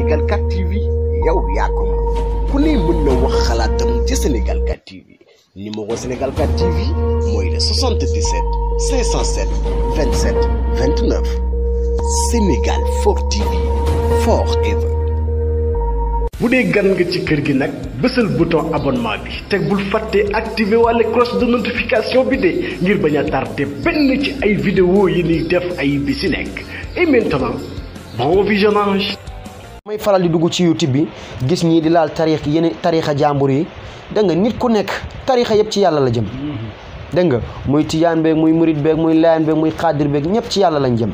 Sénégal 4 TV yow yakum. ko ne mën na wax xalaatam ci Sénégal 4 TV numéro Sénégal 4 TV moy le 77 507 27 29 Sénégal 4 TV forever. bu dee gan nga ci kër gi nag bésal bouton abonnement bi teg bul fàttee activé cloche de notification bi de ngir bañ a tardé benn ci ay vidéo yi ni def ay et maintenant bon visionnage mooy faral di dugg ci youtube bi gis ñii di laal tarix yeneen tarixa jàmbur yi dégg nit ku nekk tarix yëpp ci yàlla la jëm dégg nga muy tiyaan beeg muy murit beeg muy layan beeg muy xaadir beeg ñëpp ci yàlla lañ jëm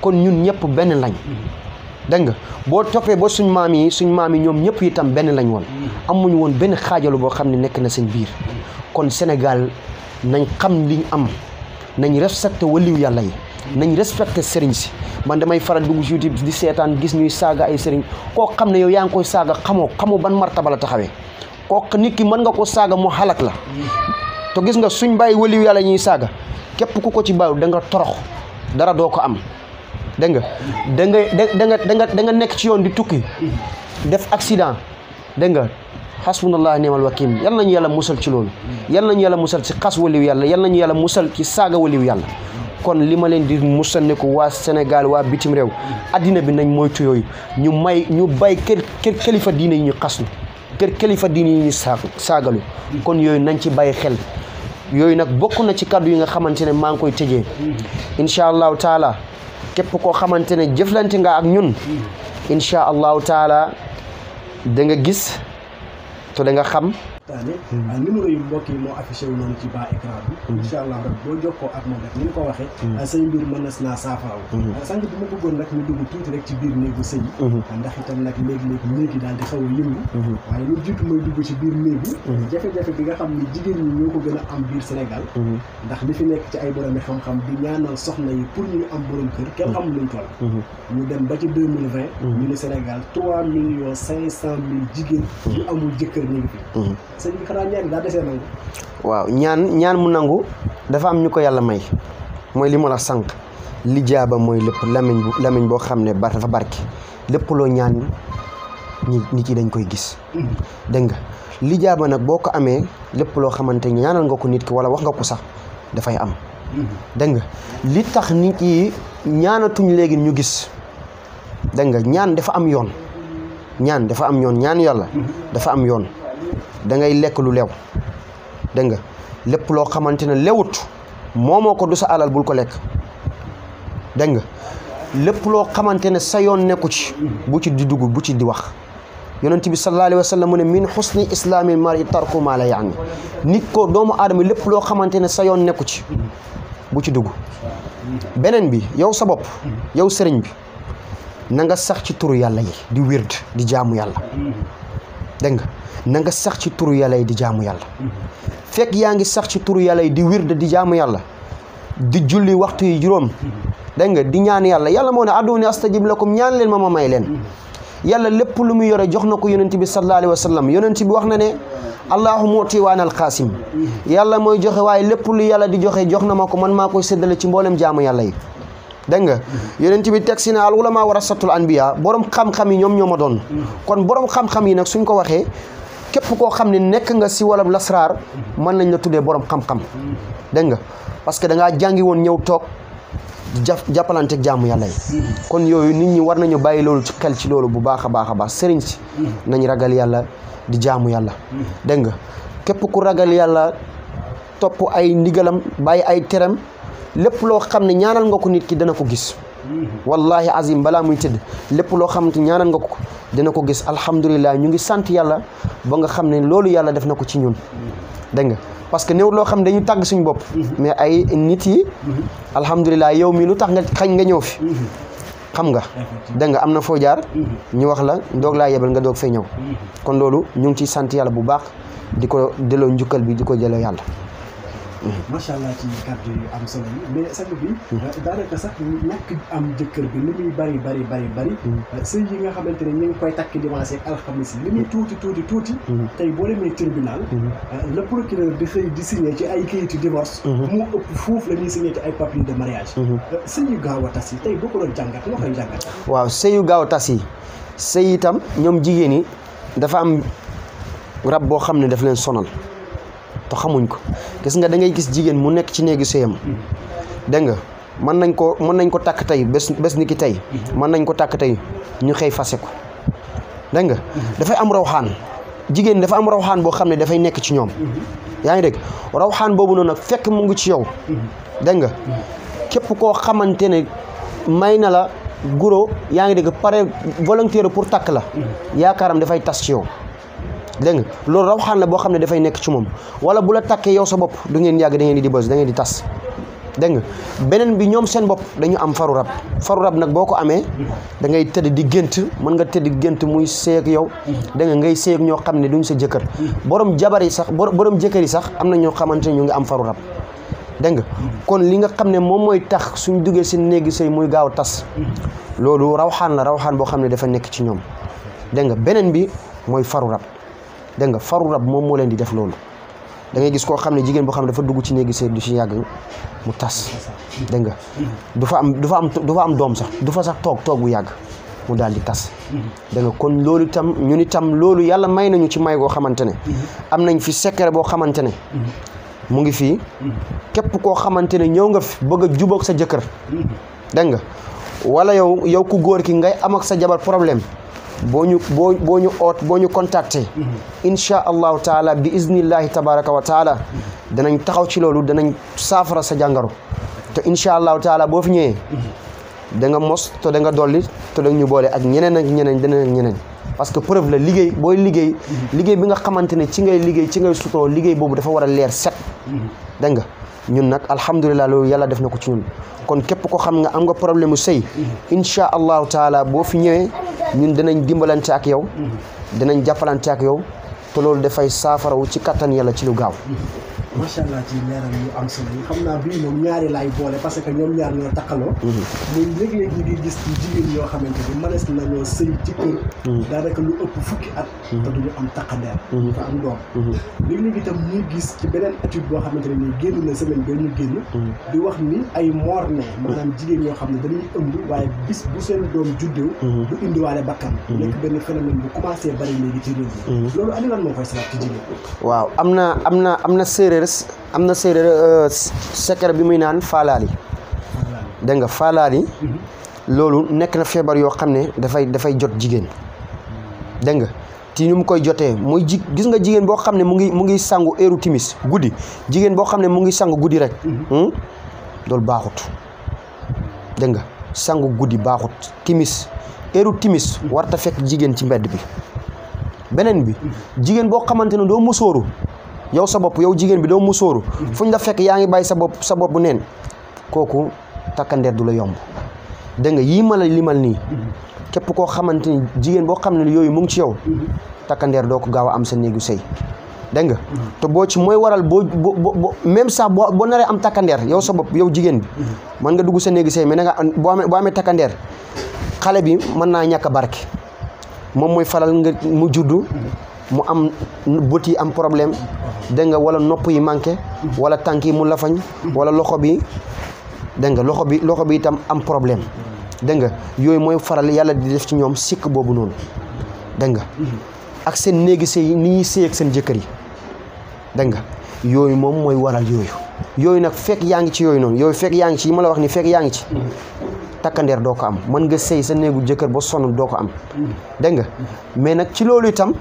kon ñun ñëpp benn lañ dégg nga boo toppee ba suñ maam yi suñ maam yi ñoom ñëpp itam benn lañ woon amuñu woon benn xaajalu boo xam ne nekk na seen biir kon Sénégal nañ xam liñ am nañ respecté waliyu yàlla yi nañ respecté sëriñ si man damay faral dugg ci YouTube di seetaan gis ñuy saaga ay sëriñ koo xam ne yow yaa ngi koy saaga xamoo xamoo ban martaba la taxawee koo nit ki mën nga ko saaga mu xalak la te gis nga suñ bàyyi waliw yàlla ñuy saaga képp ku ko ci bàyyi danga torox dara doo ko am dégg nga da nga da da nga nekk ci yoon di tukki def accident dégg nga xasbunallah ni'mal wakiim yal nañu yàlla musal ci loolu yal nañu yàlla musal ci xas waliw yàlla yal nañu yàlla musal ci saaga waliw yàlla kon li ma leen di musanniku waa Sénégal waa bitim réew addina bi nañ moytu yooyu ñu may ñu bay kër kër kilifa diine yi ñu xaslu kër kilifa diine yi ñu saa saagalu kon yooyu nañ ci bàyyi xel yooyu nag bokk na ci kàddu yi nga xamante ne maa ngi koy tëjee incha allahu taala képp koo xamante ne jëflante nga ak ñun incha allahu taala danga gis to da nga xam waxtaane hmm. ah, numéro yi mbokk yi moo affiché wu noonu ci bas écran bi hmm. incha allah rek boo jokkoo ak moom rek ni mu ko waxee hmm. ah, say mbir mën na si naa saafaawu ah, sànq bi ma bëggoon nag mu dugg tuuti rek ci biir néegu sëy ndax itam nag léegi-léegi néegi daal di xaw a yëngu waaye lu jiitu may dugg ci biir néegi jafe-jafe bi nga xam ne jigéen ñi ñoo ko gën a am biir Sénégal ndax li fi nekk ci ay boromi xam-xam di ñaanal soxna yi pour ñu am borom kër kenn xamul luñ toll ñu dem ba ci deux mille vingt ñu ne Sénégal trois millions cinq cent mille jigéen ñu amul jëkkër ñu ngi fi sëñ bi xanaa ñaan daa desee nangu waaw ñaan ñaan mu nangu dafa am ñu ko may mooy li ma la sank li jaaba mooy lépp lamiñ bu lamiñ boo xam ne bar dafa barke lépp loo ñaan ñi nit dañ koy gis mm-hmm. nga li jaaba nag boo ko amee lépp loo ñaanal nga ko nit ki wala wax nga ko sax dafay am mm-hmm. dégg nga li tax nit yi ñaanatuñ léegi ñu gis dégg nga ñaan dafa am yoon ñaan dafa am yoon ñaan yàlla mm-hmm. dafa am yoon dangay ngay lekk lu leew dégg nga lépp loo xamante ne lewut moo ko du sa alal bul ko lekk dégg nga lépp loo xamante ne sa yoon nekku ci bu ci di dugg bu ci di wax yonent bi sallallahu alayhi wa sallam mu ne min xusni islaamil mari tarku maa la yaani nit doomu aadama lépp loo xamante ne sa yoon nekku ci bu ci dugg beneen bi yow sa bopp yow sëriñ bi na nga sax ci turu yàlla yi di wird di jaamu yàlla dégg nga na nga sax ci turu yàlla yi di jaamu yàlla mm-hmm. fekk yaa ngi sax ci turu yàlla yi di wirde di jaamu yàlla di julli waxtu yi juróom mm-hmm. dégg nga di ñaan yàlla yàlla moo ne aduuni la ko ñaan leen ma ma may leen mm-hmm. yàlla lépp lu mu yore jox na ko yonent bi sallallahu alayhi wa sallam yonent bi wax na ne allahu muti waan alxaasim yàlla mooy joxe waaye lépp lu yàlla di joxe jox na ma ko man maa koy séddale ci mboolem jaamu yàlla yi deng nga yonent bi teg al ulama warasatul anbiya borom xam-xam ñom ñoma don kon borom xam-xam yi nak suñ ko waxe kep ko xamni nek nga si walam lasrar man nañ la tuddé borom xam-xam deng nga parce que da nga jangi won ñew tok jappalante ak jamm yalla kon yo nit ñi war nañu bayyi lolu ci xel ci lolu bu baaxa baaxa baax serign yalla. nañ ragal yalla di jamm yalla deng nga ku ragal yalla top ay ndigalam ay teram lépp loo xam ne ñaanal nga ko nit ki dana ko gis wallahi azim balaa muy tëdd lépp loo xamante ñaanal nga ko dana ko gis alhamdulilah ñu ngi sant yàlla ba nga xam ne loolu yàlla def na ko ci ñun dégg nga parce que néew loo xam ne dañu tàgg suñu bopp mais ay nit yi alhamdulilah yow mii lu tax nga xañ nga ñëw fi xam nga dégg am na foo jaar ñu wax la doog laa yebal nga doog fay ñëw kon loolu ñu ngi ciy sant yàlla bu baax di ko delloo njukkal bi di ko jëloo yàlla macha allah ci kàddu am solo yi mais sang bi mhm. daanaka sax am jëkkër bi li muy bari bari bari bari mhm. yi nga xamante ne ñu ngi koy takk dimanche ak alxamis li muy mhm. tuuti tuuti tuuti tey boo demee tribunal euh, le procureur di xëy di ci ay kayitu divorce moo ëpp foofu la ay papier de mariage euh, sëy gaaw a tas yi tey boo ko doon jàngat loo koy yu gaaw a tas yi sëy itam ñoom jigéen yi dafa am rab boo xam ne daf leen sonal te xamuñ ko gis nga da ngay gis jigéen mu nekk ci néegu séyam dégg nga mën nañ ko mën nañ ko takk tey bés bés ni ki tey mën nañ ko takk tey ñu xëy fase ko dégg nga dafay am rawxaan jigéen dafa am rawxaan boo xam ne dafay nekk ci ñoom yaa ngi dégg rawxaan boobu noonu nag fekk mu ngi ci yow dégg nga képp koo xamante ne may na la guro yaa ngi dégg pare volontaire pour takk la yaakaaram dafay tas ci yow dégg nga loolu raw xaan la boo xam ne dafay nekk ci moom wala bu la takkee yow sa bopp du ngeen yàgg da di bës da ngeen di dégg nga beneen bi ñoom seen bopp dañu am faru rab faru nag boo ko amee da ngay tëdd di mën nga tëdd di muy seeg yow da ngay seeg ñoo xam ne duñ sa jëkkër borom jabar yi sax borom jëkkër yi sax am na ñoo xamante ne ñu ngi am faru dégg nga kon li nga xam ne moom mooy tax suñ duggee seen néegi sëy muy gaaw tas loolu raw xaan la raw boo xam ne dafa nekk ci ñoom dégg nga beneen bi mooy faru rab dégg nga faru rab mom mo len di def lolou da ngay gis ko xamne jigen bo xamne dafa dugg ci néegi seen du ci yag mu tass dégg nga du fa am du fa am du fa am dom sax du fa sax tok tok bu yag mu dal di tass da nga kon loolu tam ñun tam lolou yalla may nañu ci may go xamantene am nañ fi secret bo xamantene mu ngi fi kep ko xamantene ñew nga fi bëgg a jubóog sa jëkër dégg nga wala yow yow ku góor ki ngay am ak sa jabar problème boo ñu boo boo ñu oot boo ñu contacter mm-hmm. incha allahu taala bi iznillahi tabaraka wa taala mm-hmm. danañ taxaw ci loolu danañ saafara sa jàngaro te incha allahu taala boo fi ñëwee mm-hmm. da nga mos te da nga dolli te da ñu boole ak ñeneen ak ñeneen deneen ak ñeneen parce que preuve la liggéey booy liggéey liggéey bi nga xamante ne ci ngay liggéey ci ngay suturoo liggéey boobu dafa war a leer set dégg nga ñun nag alhamdulilah loolu yàlla def na ko ci ñun kon képp ko xam nga am nga problème mu sëy incha allahu taala boo fi ñëwee ñun dinañ dimbalante ak yow dinañ jàppalante ak yow te loolu dafay saafarawu ci kattan yàlla ci lu gaaw macha allah ci leeral yu am solo yi xam naa bii moom ñaari laay boole parce que ñoom ñaar ñoo takkaloo. Mhm. muy léeg-léeg ñu ngi gis ci jigéen yoo xamante ni mënees nañoo sëy ci kër. Mhm. daanaka lu ëpp fukki at. Mhm. te duñu am takkandeer. dafa doom. léeg-léeg itam ñu gis ci beneen étude boo ne nii génn na semaine ba ñu génn. di wax ni yoo xam ne dañuy ëmb waaye bis bu seen doom juddoo. du indiwaale bakkan. nekk benn phénomène bu bari léegi ci réew mi. loolu Aliou am na am na am na séeréer am na séeréer euh, secret bi muy naan faalaali dégg nga faalaali mhm. loolu nekk na feebar yoo xam ne dafay dafay jot jigéen dégg nga ci ñu mu koy jotee muy ji gis nga jigéen boo xam ne mu ngi mu ngi sangu heure timis guddi jigéen boo xam ne mu ngi sangu guddi rek mhm. hmm? loolu baaxut dégg nga sangu guddi baaxut timis heure timis mhm. warta fekk jigéen ci mbedd bi beneen bi jigéen boo xamante ne doo musóoru yow sa bop yow jigen bi do musóoru fu ñu la fekk yaa ngi sa lima sa bop bu nen koku du dula yomb de nga yii limal ni kep ko xamanteni ni bo boo yoy mu ngi ci yow takkandeer do ko gawa am sa néegu sey de nga to bo ci moy waral bo boo même sa bo nare am takkandeer yow sa bop yow jigen bi man nga duggu sa néegu sey me nga bo amee boo amee xale bi man na ñaka barke nga mu juddu mu am bët yi am problème dégg nga wala nopp yi manqué wala tànk yi mu lafañ wala loxo bi dégg nga loxo bi loxo bi itam am problème dégg nga yooyu mooy faral yàlla di def ci ñoom sikk boobu noonu dégg nga ak seen néegi sëy ni ñuy sëy ak seen jëkkër yi dégg nga yooyu moom mooy waral yooyu yooyu nag fekk yaa ngi ci yooyu noonu yooyu fekk yaa ngi ci yi ma la wax ni fekk yaa ngi ci takkandeer doo ko am mën nga sëy sa néegu jëkkër boo sonn doo ko am dégg nga mais nag ci loolu itam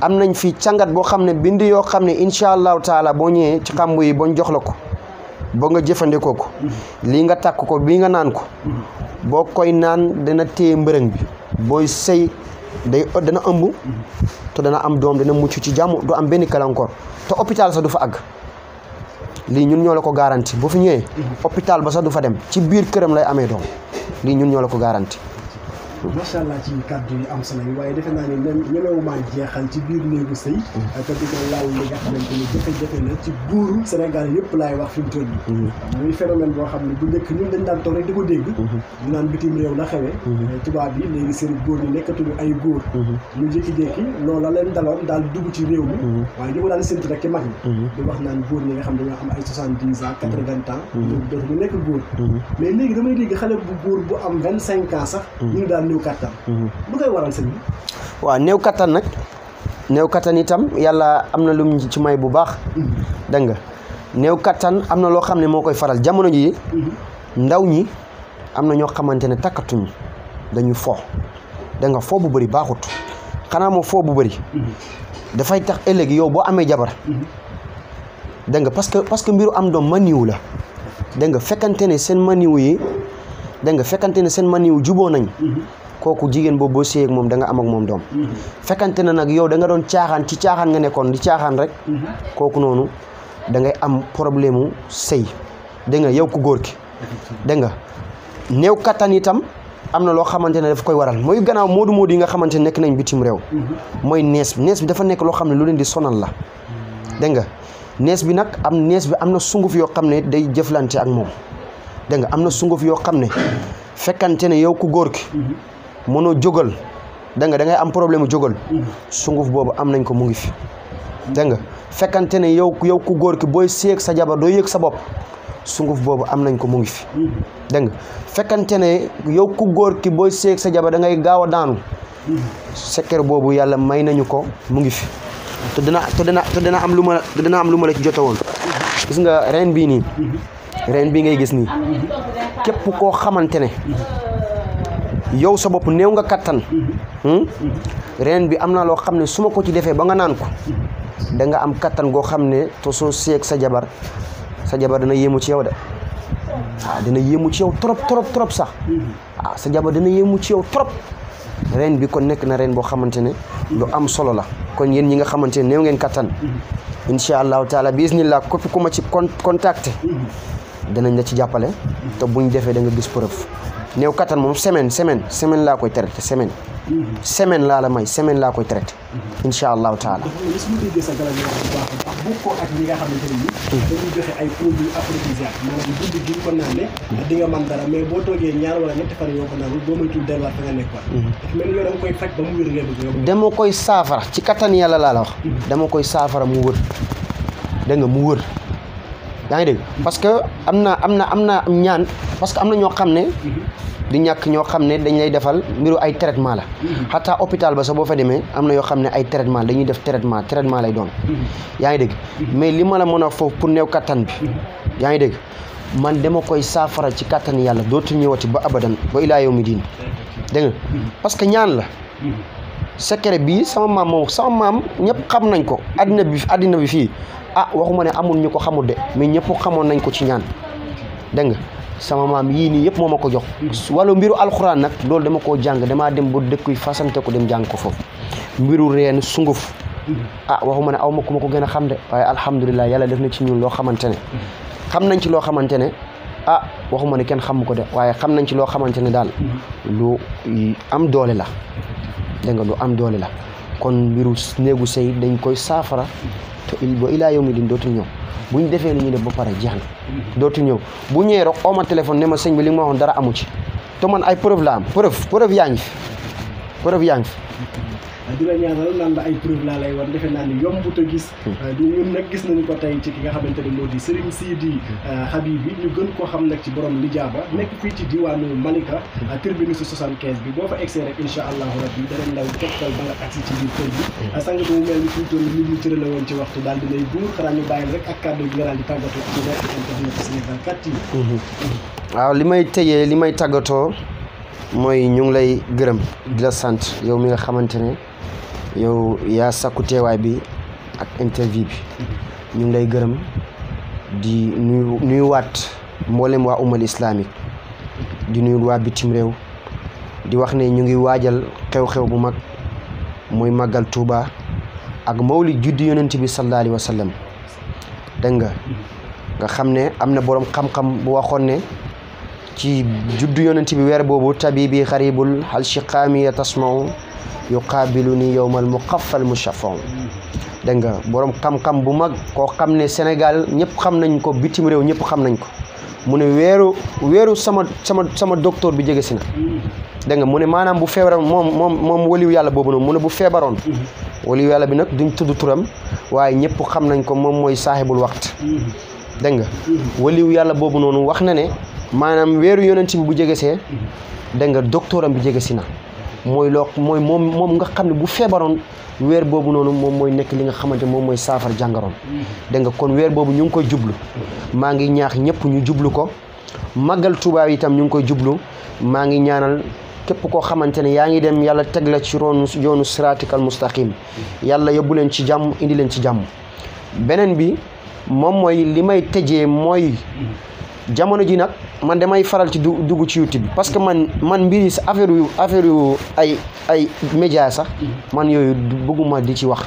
am nañ fi càngat boo xam ne bind yoo xam ne incha allahu taala boo ñëwee ci xàmbu yi bañ jox la ko ba nga jëfandikoo ko lii nga takk ko bii nga naan ko boo koy naan dana téye mbërëng bi booy sëy day dana ëmb te dana am doom dana mucc ci jàmm du am benn kalankoor te hôpital sa du fa àgg lii ñun ñoo la ko garanti bu fi ñëwee mhm. hôpital ba sax du fa dem ci biir këram lay amee doom lii ñun ñoo la ko garanti macha allah ci kàddu yi am solo waaye defe naa ne ñemewumaa jeexal ci biir néegu sëy mm. te di laal li nga la ci mm. boo xam ne bu njëkk ñun dañ daan toog rek di ko dégg mm-hmm. ñu naan bitim réew la xewee mm-hmm. tubaab yi léegi seen góor ñi nekkatuñu ay góor mm-hmm. ñu jékki-jékki loola leen daloon daal dugg ci réew mi waaye ñu ko daan séntu rek ci mag ñi di wax naan góor ñi nga xam dañoo am ay soixante-dix ans quatre-vingts ans ñu dootuñu nekk góor mais léegi damay dégg xale bu góor bu am vingt-cinq ans sax néew kattan. Mhm. waaw néew kattan nag néew kattan itam yàlla am na lum ci may bu baax. Mhm. dégg nga néew kattan am na loo xam ne moo koy faral jamono ji mhm. ndaw ñi am na ñoo xamante ne takkatuñ dañuy fo da nga foo bu bëri baaxut xanaa moo foo bu bari dafay tax ëllëg yow boo amee jabar. dégg nga parce que parce que mbiru am doom maniw la dégg nga fekkante ne seen maniw yi dégg nga fekkante ne seen maniw juboo nañ koku jigen bo boo ak moom da nga am ak moom dom mhm. fekante na nak yow da nga don tiaxan ci tiaxan nga nekkon di tiaxan rek mhm. koku nonu da ngay am problème sey de nga yow ku gor ki de nga new kattan itam amna na xamantene daf koy waral Moy gannaaw modou modou yi nga xamantene nek nañ bitim rew moy mhm. nees bi nees bi dafa nek lo xamne lu leen di sonal la de nga nees bi nak am nees bi amna sunguf yo xamne day jëflante ak mom de nga amna sunguf yo xamne fekkante ne yow ku gor ki mënoo jógal da nga da ngay am problème mu jógal mhm. sunguf boobu am nañ ko mu ngi fi da nga fekkante ne yow yow ku góor ki booy séeg sa jabar doo yëg sa bopp sunguf boobu am nañ ko mu mhm. nga fekkante ne yow ku góor ki booy séeg sa jabar da ngay gaaw a daanu mhm. sekker boobu yàlla may nañu ko mu ngi fi te dana te dina am lu ma te am lu ma la ci jote woon gis nga ren bii nii ren bii ngay gis nii képp koo xamante ne yow sa bop néew nga hmm reen bi amna lo xamne suma ko ci defé ba nga nan ko da nga am katan go xamne toso to so sek sa jabar sa jabar dana yemu ci yow da ah dana yemu ci yow trop trop trop sax ah sa jabar dana yemu ci yow trop reen bi kon nek na reen bo xamantene lu am solo la kon yen ñi nga xamantene ne ngeen katan inshallah taala bismillah kopi koma kuma ci contacter danañ la ci jappalé te buñ defee da nga gis preuve néew kattan moom semaine semaine semaine laa koy traité semaine. semaine laa la may laa koy traité. incha allahu taala. suñu déggee nga xamante ne nii. dañuy ay produits boo toogee ñaar wala ñetti fan mhm. koy dama koy saafara ci kattan yàlla laa la wax. Mhm. dama koy saafara mu wër. da nga mu wër. yaa ngi dégg parce que am na am na am na ñaan parce que am na ñoo xam ne di ñàkk ñoo xam ne dañ lay defal mbiru ay traitement la xataa hôpital ba sax boo fa demee am na yoo xam ne ay traitement dañuy def traitement traitement lay doon yaa ngi dégg mais li ma la mën a foofu pour new kattan bi yaa ngi dégg man dama koy saafaral ci kattan yàlla dootu ñëwati ba abadan ba ilaa yow mi diin dégg nga parce que ñaan la secret bi sama maam moom sama maam ñëpp xam nañ ko addina bi addina bi fii ah waxuma ne amul ñu ko xamul de mais ñëpp xamoon nañ ko ci ñaan dégg nga sama maam yii nii yëpp moo ma ko jox walla mbiru alxuraan nag loolu dama koo jàng damaa dem ba dëkk yi fasante ko dem jàng ko foofu mbiru reen sunguf ah waxuma ne aw ma ku ma ko gën a xam de waaye alhamdulilah yàlla def na ci ñun loo xamante ne xam nañ ci loo xamante ne ah waxuma ne kenn xamu ko de waaye xam nañ ci loo xamante ne daal lu am doole la dégg nga lu am doole la kon mbiru néegu sëy dañ koy saafara te il ba ilaa yow di din dootul ñëw bu ñu defee li ñuy def ba pare jeex na dootul ñëw bu ñëwee rek oo ma téléphone ne ma sëñ bi li ma woon dara amu ci te man ay preuve la am preuve yaa ngi fi yaa ngi di la ñaanal naan la ay preuve laa lay wan defe naa ni yombut a gis du ñun nag gis nañu ko tey ci ki nga xamante ne moo di Serigne Sidi Habib bi ñu gën koo xam nag ci borom lijaaba nekk fii ci diwaanu Malika tribune su 75 bi boo fa egsee rek incha allahu rabbi danañ law tegtal ba nga agsi ci biir kër bi sang boobu mel ni fii toll nit ñu cërale woon ci waxtu daal di lay buur xanaa ñu bàyyil rek ak kàddu général di tàggatoo ak internet waaw li may tëjee li may tàggatoo mooy ñu ngi lay gërëm di la sant yow mi nga xamante ne yow yaa sakku teewaay bi ak interview bi ñu ngi lay gërëm di nuyu nuyuwaat mboolem waa umal islamique di nuyu waa bitim réew di wax ne ñu ngi waajal xew-xew bu mag mooy màggal Tuuba ak mawlid juddi yonent bi sallallahu alayhi wa sallam dégg nga nga xam ne am na boroom xam-xam bu waxoon ne ci juddu yonent bi weer boobu tabibi xaribul hal shiqaami ya tasmau yuqaabilu ni xafal mu mushaffaw dégg nga borom xam bu mag koo xam ne Sénégal ñëpp xam nañ ko bitim réew ñëpp xam nañ ko mu ne weeru weeru sama sama sama docteur bi jege si na dégg nga mu ne maanaam bu feebaroon moom moom moom yàlla boobu noonu mu bu feebaroon waliw yàlla bi nag duñ tudd turam waaye ñëpp xam nañ ko moom mooy saaxibul waxt dégg waliw yàlla boobu noonu wax na ne maanaam weeru yonent bi bu jegesee da nga docteuram bi jegesi na mooy loo mooy moom moom nga xam ne bu feebaroon weer boobu noonu moom mooy nekk li nga xamante moom mooy saafar jàngaroon da nga kon weer boobu ñu ngi koy jublu maa ngi ñaax ñëpp ñu jublu ko màggal Tuubaa itam ñu ngi koy jublu maa ngi ñaanal képp koo xamante ne yaa ngi dem yàlla teg la ci roonu yoonu siraatikal mustaqim yàlla yóbbu leen ci jàmm indi leen ci jàmm beneen bi moom mooy li may tëjee mooy jamono ji nak, man demay faral ci dugg ci YouTube parce que man man mbiri sa affaire yu affaire yu ay ay media sax mhm. man yoy bëgguma di ci wax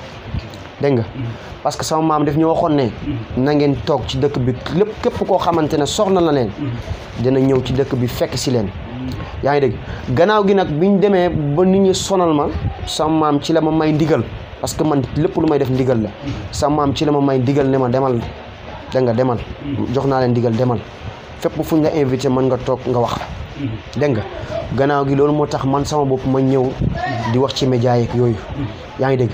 deng nga mhm. parce que sama mam def ñu waxoon mhm. na ngeen tok ci dekk bi lepp kep ko xamantene soxna la len dina ñew ci dekk bi fekk ci len yaay ngi gannaaw gi nak démé ba nit ñi sonal ma sama mam ci la ma may ndigal parce que man lepp lu may def ndigal la sama mam ci la ma may ndigal ne ma demal deng nga demal jox ndigal demal fépp fu ñu la invité mën nga toog nga wax dégg nga gannaaw gi loolu moo tax man sama bopp ma ñëw di wax ci média yeeg yooyu yaa ngi dégg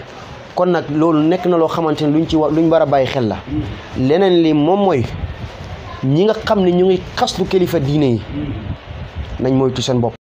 kon nag loolu nekk na loo xamante ne luñ ci war luñ war a bàyyi xel la leneen li moom mooy ñi nga xam ni ñu ngi xaslu kilifa diine yi nañ moytu seen bopp